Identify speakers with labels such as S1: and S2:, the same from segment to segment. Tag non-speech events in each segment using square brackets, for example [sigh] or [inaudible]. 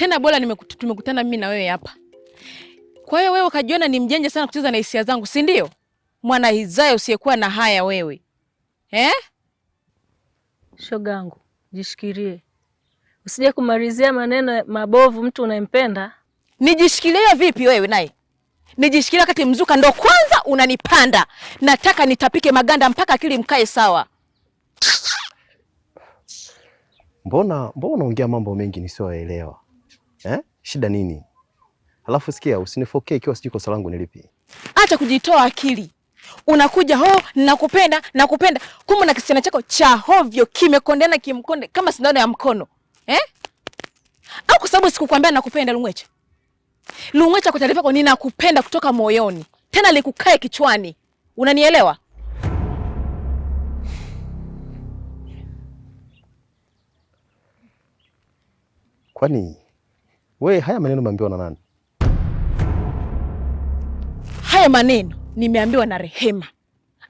S1: Tena bora tumekutana mimi na wewe hapa. Kwa hiyo wewe ukajiona ni mjenje sana kucheza na hisia zangu, si ndio? Mwana hizaya usiyekuwa na haya wewe eh?
S2: Shogangu, jishikirie, usije kumalizia maneno mabovu mtu unayempenda.
S1: Nijishikilia vipi wewe naye? Nijishikilia wakati mzuka ndo kwanza unanipanda. Nataka nitapike maganda mpaka akili mkae sawa.
S3: Mbona mbona unaongea mambo mengi nisiyoelewa? eh? Shida nini? Alafu sikia, usinifokee ikiwa sijui kosa langu ni lipi.
S1: Acha kujitoa akili. Unakuja ho, oh, nakupenda nakupenda, kumbe na kisichana chako cha hovyo kimekondena kimkonde kama sindano ya mkono eh? Au kwa sababu sikukwambia nakupenda, Lungwecha? Lungwecha, kwa taarifa yako, ninakupenda kutoka moyoni, tena likukae kichwani, unanielewa?
S3: Kwani We, haya maneno umeambiwa na nani?
S1: Haya maneno nimeambiwa na Rehema.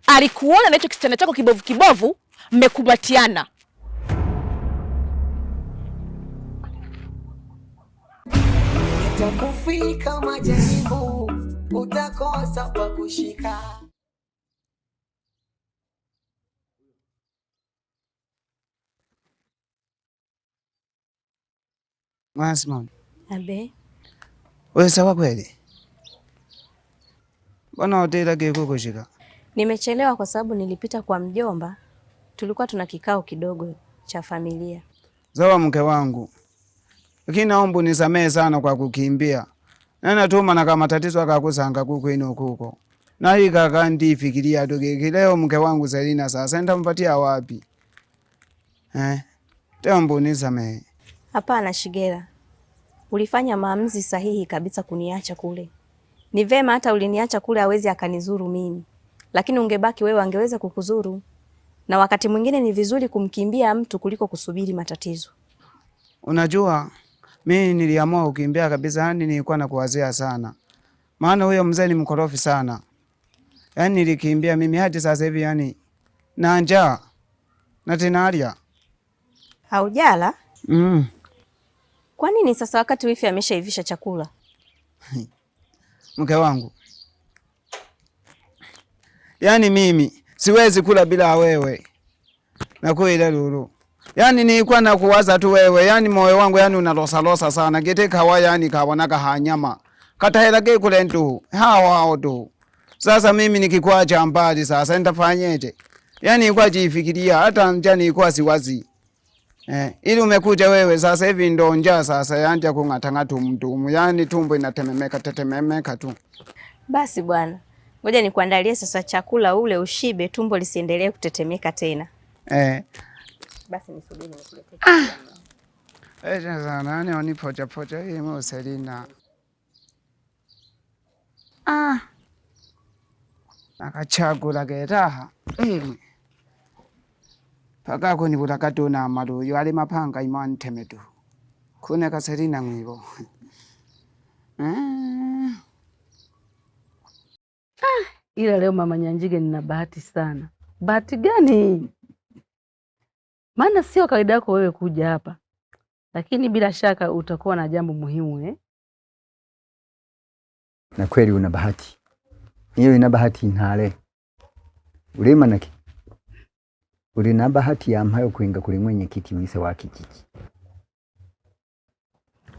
S1: Alikuona na hicho kisichana chako kibovu kibovu, mmekumbatiana. Utakufika majaribu, utakosa pa
S4: kushika. Mazmuni. Abe. Wewe sawa kweli? Bwana hotela yake iko
S5: Nimechelewa kwa sababu nilipita kwa mjomba. Tulikuwa tuna kikao kidogo cha familia.
S4: Sawa mke wangu. Lakini naomba unisamehe sana kwa kukimbia. Nana tuma na kama tatizo akakusanga kuko ino kuko. Na hii kaka ndifikiria doge leo mke wangu Selina sasa nitampatia wapi? Eh? Tembo unisamehe.
S5: Hapana Shigera. Ulifanya maamuzi sahihi kabisa kuniacha kule. Ni vema hata uliniacha kule awezi akanizuru mimi, lakini ungebaki wewe angeweza kukuzuru, na wakati mwingine ni vizuri kumkimbia mtu kuliko kusubiri matatizo.
S4: Unajua, mimi niliamua kukimbia kabisa, yani nilikuwa nakuwazia sana, maana huyo mzee ni mkorofi sana, yani nilikimbia mimi hadi sasa hivi, yani na njaa na alia
S5: Haujala? mm. Kwa nini sasa wakati wifi ameshaivisha chakula?
S4: [laughs] Mke wangu, yaani mimi siwezi kula bila wewe, nakwela lulu. Yaani nilikuwa nakuwaza tu wewe, yaani moyo wangu yani unalosalosa sana gete kawa yani kawonaka hanyama katahela kekulentu hawao tu. Sasa mimi nikikwacha mbali sasa nitafanyeje? Yaani nilikuwa jifikiria hata njani nilikuwa siwazi Eh, ili umekuja wewe sasa hivi ndo njaa sasa yanja kung'atang'ata mdumu, yaani tumbo inatememeka tetememeka tu.
S5: Basi bwana, ngoja nikuandalie sasa chakula ule ushibe, tumbo lisiendelee kutetemeka tena. Eh. Basi nisubiri nikuletee.
S4: Ah. Eh, sasa nani poja poja hii mwa Selina. Ah. Nakachagula geraha. Mm paka akhoni vutakatona amalu yo ali maphanga ima anthemetu khuneka selina ngwivo ah.
S1: ila leo mama Nyanjige nina bahati sana. Bahati gani Maana sio kawaida yako wewe kuja hapa, lakini bila shaka utakuwa na jambo muhimu eh?
S3: Na kweli una bahati, niyo ina bahati ntale ulimanaki hati bahati mhayo kuinga kuli mwenyekiti wise wa kijiji.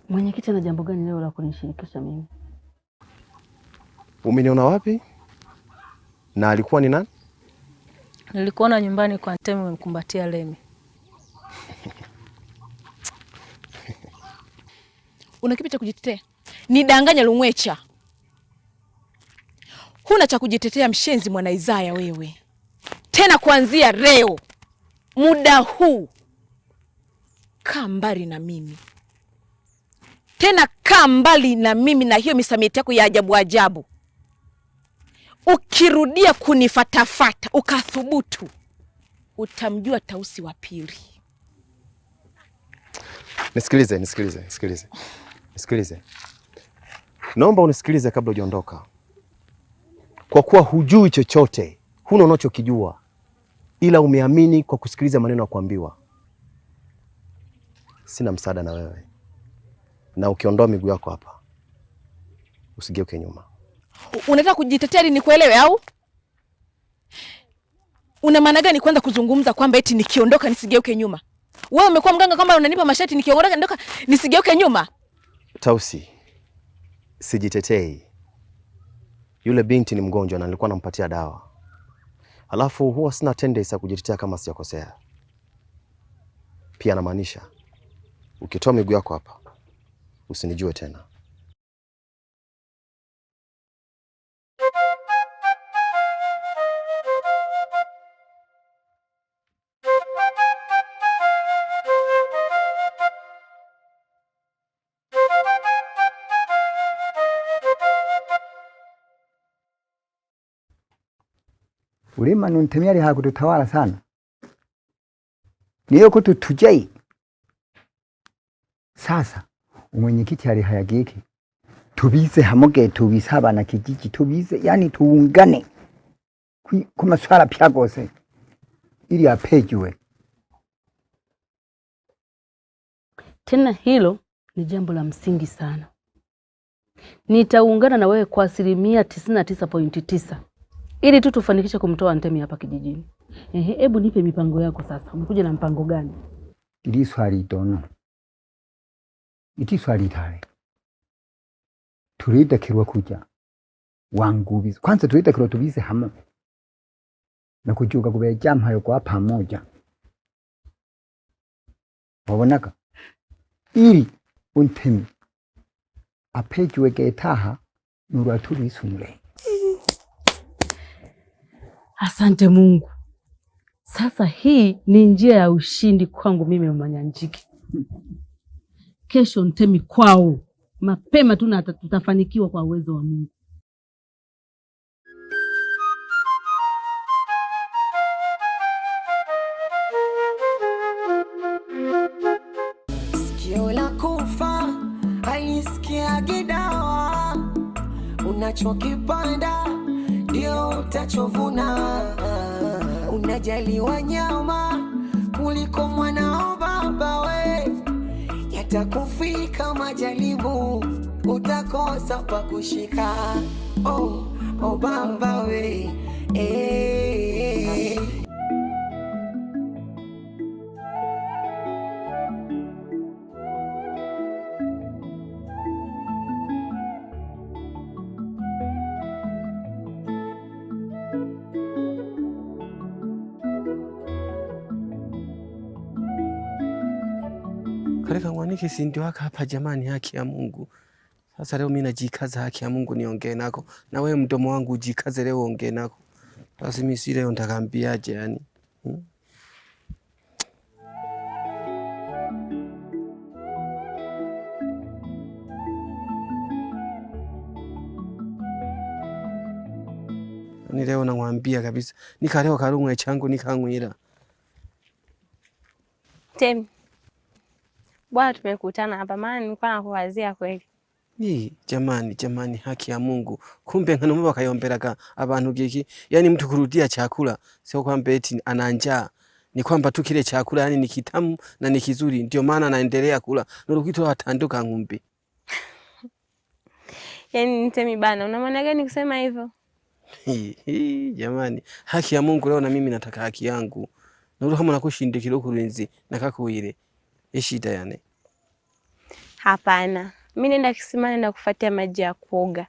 S5: Mwenyekiti, ana jambo gani leo la kunishirikisha mimi?
S3: Umeniona wapi? Na alikuwa ni nani?
S5: Nilikuona nyumbani kwa Ntemi, umemkumbatia Lemi.
S1: [laughs] Una kipi cha kujitetea? Nidanganya lumwecha, huna cha kujitetea, mshenzi mwana Izaya wewe. Tena kuanzia leo, muda huu, kaa mbali na mimi tena, kaa mbali na mimi na hiyo misamiti yako ya ajabu ajabu. Ukirudia kunifatafata ukathubutu, utamjua Tausi wa pili.
S3: Nisikilize, nisikilize, nisikilize, nisikilize, naomba unisikilize kabla hujaondoka, kwa kuwa hujui chochote, huna unachokijua ila umeamini kwa kusikiliza maneno ya kuambiwa, sina msaada na wewe, na ukiondoa miguu yako hapa, usigeuke nyuma.
S1: Unataka kujitetea ili nikuelewe au una maana gani kwanza kuzungumza kwamba eti nikiondoka nisigeuke nyuma? Wewe umekuwa mganga kwamba unanipa masharti nikiondoka nisigeuke nyuma?
S3: Tausi, sijitetei. Yule binti ni mgonjwa na nilikuwa nampatia dawa Alafu huwa sina tendency ya kujitetea kama sijakosea. Pia namaanisha ukitoa miguu yako hapa usinijue tena.
S4: Ulima nuntemyari hakututawala sana, niyo tujai Sasa umwenyekiti aliha giki tubize hamoge tubisaba na kijiji tubize, yani tuungane kumaswala pya gose ili apejiwe.
S1: Tena hilo ni jambo la msingi sana. Nitaungana na wewe kwa asilimia tisini na tisa pointi tisa ili tu tufanikishe kumtoa Ntemi hapa kijijini. Ehe, hebu nipe mipango yako sasa. Umekuja na mpango gani?
S3: ili swali tono iti swali tale tulitakirwa kuja wangubiza kwanza tulitakirwa tubize hamo na kujuka kubejampayo kwa pamoja wabonaka ili Untemi apejiwegetaha nurwatulisunure
S1: Asante Mungu. Sasa hii ni njia ya ushindi kwangu mimi Mwananjiki. Kesho ntemi kwao mapema tu na tutafanikiwa kwa uwezo wa Mungu. Sikio la kufa dawa unachokipanda ndio utachovuna. Unajali wanyama kuliko mwanao baba we, yatakufika majaribu
S4: utakosa pa kushika. Oh, oh baba we, hey. Eh, eh, eh. mwanamke si ndio haka hapa jamani, haki ya Mungu. Sasa leo mimi najikaza haki ya Mungu niongee nako, na wewe mdomo wangu ujikaze leo ongee nako. Basi mimi si leo nitakambiaje yani hmm? Ni yaani leo namwambia kabisa, nikalewa karung'we changu nikang'wira
S6: Temi bwana, tumekutana hapa, maana nilikuwa nakuwazia kweli.
S4: Hii jamani, jamani, haki ya Mungu, kumbe ngano wakayomberaka abantu giki? Yani mtu kurudia chakula sio kwamba eti ana njaa, ni kwamba tu kile chakula yani ni kitamu na ni kizuri, ndio maana anaendelea kula nurukito atanduka ng'umbi.
S6: [sighs] Yani nitemi bana, una maana gani kusema hivyo?
S4: Jamani, haki ya Mungu, leo na mimi nataka haki yangu, kama kushindikira ukurinzi nakakuire Ishita yani?
S6: Hapana, mi nenda kisima, nenda kufuatia maji ya kuoga.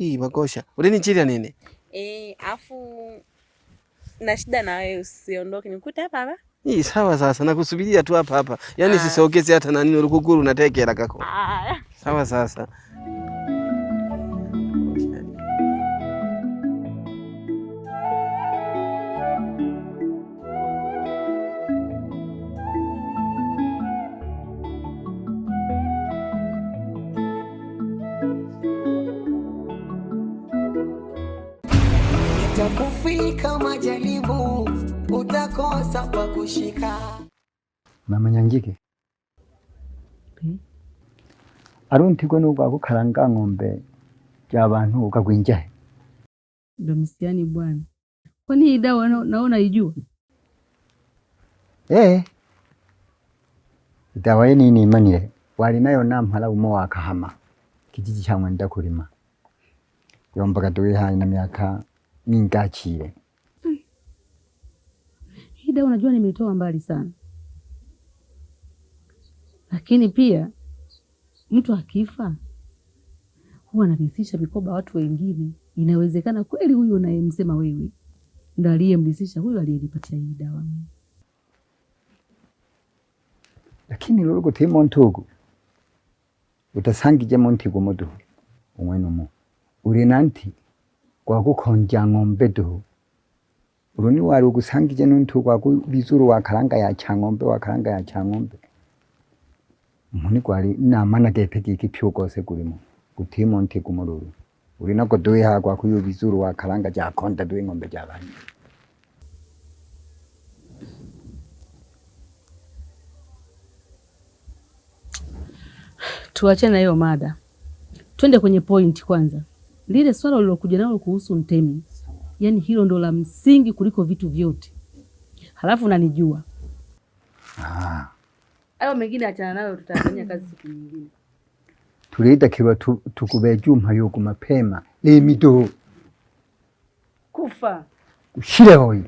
S4: Ii makosha ulinichilia nini?
S6: E, afu na shida na wewe usiondoke, nikute hapa hapa.
S4: Ii sawa, sasa nakusubiria tu hapa hapa, yaani ah. sisogeze hata na nini, urukukuru natekelakako. Ah. Sawa sasa
S3: kunishika. Mama Nyangike hmm? aruntigwe nubwago karanga ng'ombe ja bantu ukagwinja he
S1: ndo msiani bwana, kwani hii dawa naona ijua
S3: eh dawa yini ni imanire wali nayo nampala umo wakahama kijiji cha mwenda kulima yombaga tuwihaye na miaka mingachiye
S1: dawa najua nimetoa mbali sana, lakini pia mtu akifa huwa anamlisisha mikoba watu wengine. Inawezekana kweli huyu unayemsema wewe ndo aliyemlisisha huyu aliyenipatia hii dawa
S3: lakini lolo gutema ntugu utasangije montigo moduhu umwenumu uri nanti gwagukonja ng'ombe duhu uruni wari ugusangije nuntugwaga bizuru wa karanga ya changombe wa karanga ya changombe muni gwari na mana gete giki pyogose gurimo gutimo nti gumururu uri nako duye hagwa kuyo bizuru wa karanga ja konda duye ngombe ja
S1: tuache na hiyo mada twende kwenye point kwanza lile swala lilokuja nalo kuhusu mtemi yani hilo ndo la msingi kuliko vitu vyote. Halafu nanijua
S6: ah. Ayo mengine achana nayo, tutafanya kazi siku nyingine.
S3: Tuliitakiwa tukube juma yoku mapema lemido kufa kushira hoyi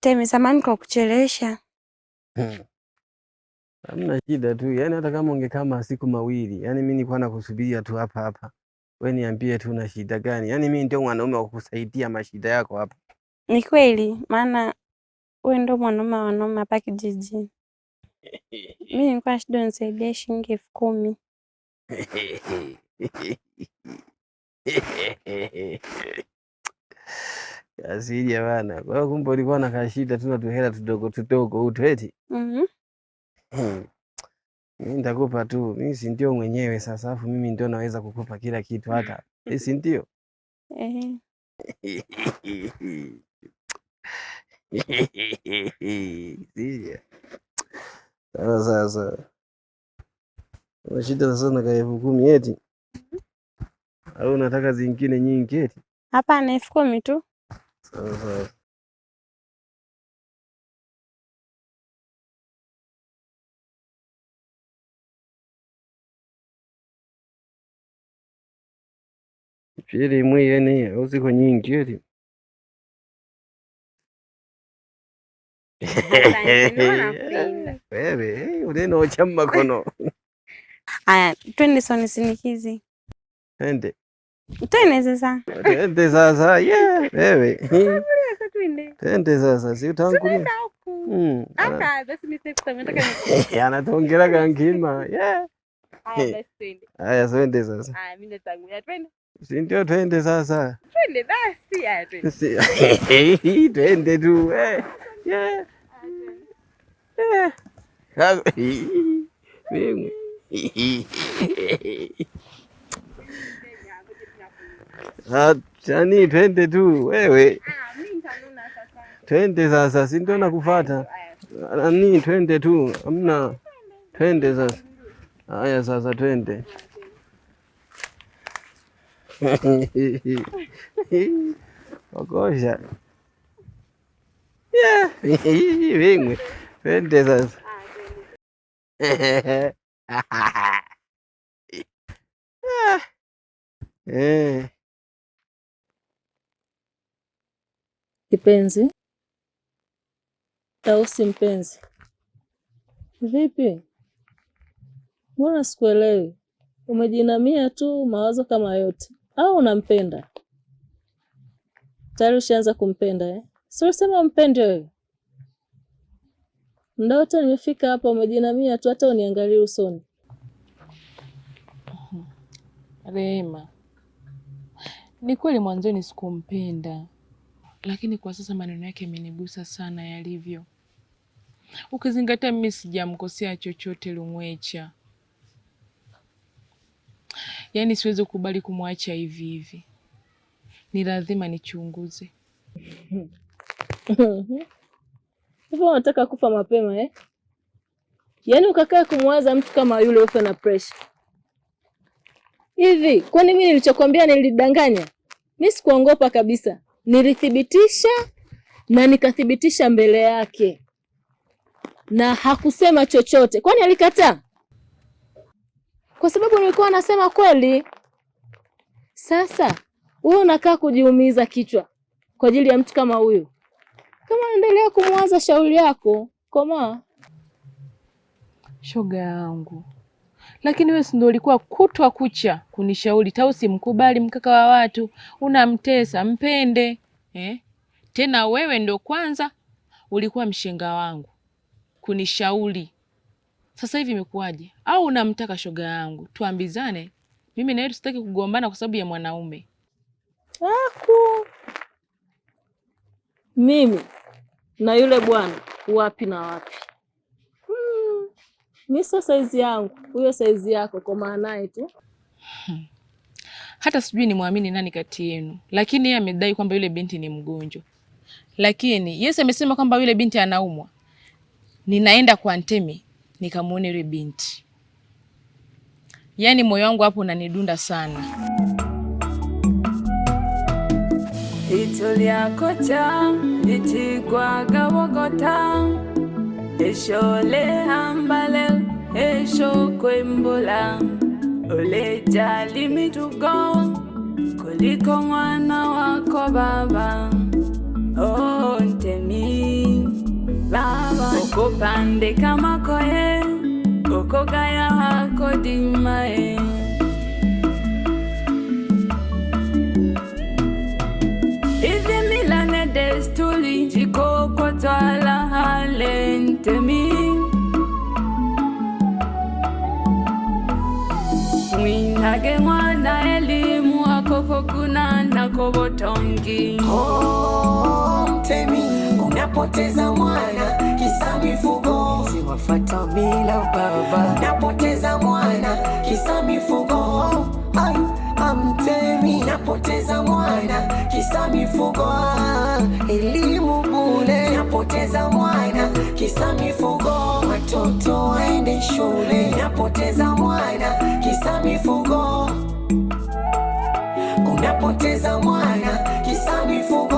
S6: Temi, samani kwa kuchelesha. Hmm.
S4: Hamna shida tu. Yaani hata kama ungekaa masiku mawili, yaani mimi nilikuwa nakusubiria tu hapa hapa. Wewe niambie tu una shida gani? Yaani mimi ndio mwanaume wa kukusaidia mashida yako hapa.
S6: Ni kweli, maana wewe ndio mwanaume wa wanaume hapa kijijini. Mimi [laughs] nilikuwa shida nisaidie shilingi elfu kumi.
S4: Kasiri [laughs] bana. Kwa kumbe ulikuwa na kashida tu na tuhela tudogo tudogo utweti. Mhm. Mm mimi hmm. nitakupa tu, mimi si ndio mwenyewe sasa, afu mimi ndio naweza kukupa kila kitu hata si ndio? Sawa sawa sawa, sasa na kaelfu kumi eti mhm. au unataka zingine nyingi eti?
S6: Hapana, elfu kumi tu.
S4: Sawa sawa. imipira imwe yeni au ziko nyingi eti wewe unenocha mmakono
S6: [laughs] aya twende soni sini sinikizi twende twende sasa
S4: twende sasa ye wewe twende sasa si utangulia anatongera kankima aya twende sasa Si ndio? Twende sasa, twende basi, [laughs] twende tu eh. yani, twende tu wewe, twende sasa, si ndio? Nakufata nani? Twende tu, amna, twende sasa. Haya, sasa twende. Okosha twende [laughs] sasa. [laughs]
S2: Eh. Kipenzi tausi si mpenzi? Vipi, mbona sikuelewi? Umejinamia tu mawazo kama yote au unampenda? Tayari ushaanza kumpenda eh? Si usema umpende wewe? Muda wote nimefika hapa umejinamia tu, hata uniangalie usoni.
S1: Rehema, ni kweli mwanzoni sikumpenda, lakini kwa sasa maneno yake yamenigusa sana yalivyo, ukizingatia mimi sijamkosea chochote Lumwecha. Yaani siwezi kukubali kumwacha hivi hivi, ni lazima nichunguze.
S2: Hivyo unataka kufa mapema eh? Yaani ukakaa kumwaza mtu kama yule ufe na presha hivi? Kwani mimi nilichokwambia nilidanganya? Mimi sikuongopa kabisa, nilithibitisha na nikathibitisha mbele yake, na hakusema chochote. Kwani alikataa? kwa sababu nilikuwa nasema kweli. Sasa wewe unakaa kujiumiza kichwa kwa ajili ya mtu kama huyu. Kama endelea kumwaza shauri yako, komaa
S1: shoga yangu. Lakini wewe ndio ulikuwa kutwa kucha kunishauri Tausi, mkubali mkaka wa watu, unamtesa mpende eh? Tena wewe ndio kwanza ulikuwa mshenga wangu kunishauri sasa hivi imekuwaje? Au unamtaka shoga yangu? Tuambizane, mimi na yeye tusitaki kugombana kwa sababu ya mwanaume
S6: aku. Mimi na yule bwana wapi na wapi? Hmm, sio saizi yangu huyo, saizi yako kwa maanaye tu
S1: [sighs] Hata sijui nimwamini nani kati yenu, lakini yeye amedai kwamba yule binti ni mgonjwa, lakini Yesu amesema kwamba yule binti anaumwa. Ninaenda kwa Ntemi nikamwona yule binti. Yaani moyo wangu hapo unanidunda sana. Itulia kocha litigwaga wogota eshole hambale esho kwembola olejali mitugo kuliko mwana wako baba oh kopandeka makoye kokogaya hakodimae izi mila na desturi jikokotwala halentemi mwinage mwana elimu akoko kunana kobotongi oh utemi, unapoteza mwana kisa mifugo, siwafata mila baba, unapoteza mwana kisa mifugo, amtemi, unapoteza mwana kisa mifugo, elimu bule, unapoteza mwana kisa mifugo, watoto waende shule, unapoteza mwana kisa mifugo, unapoteza mwana kisa mifugo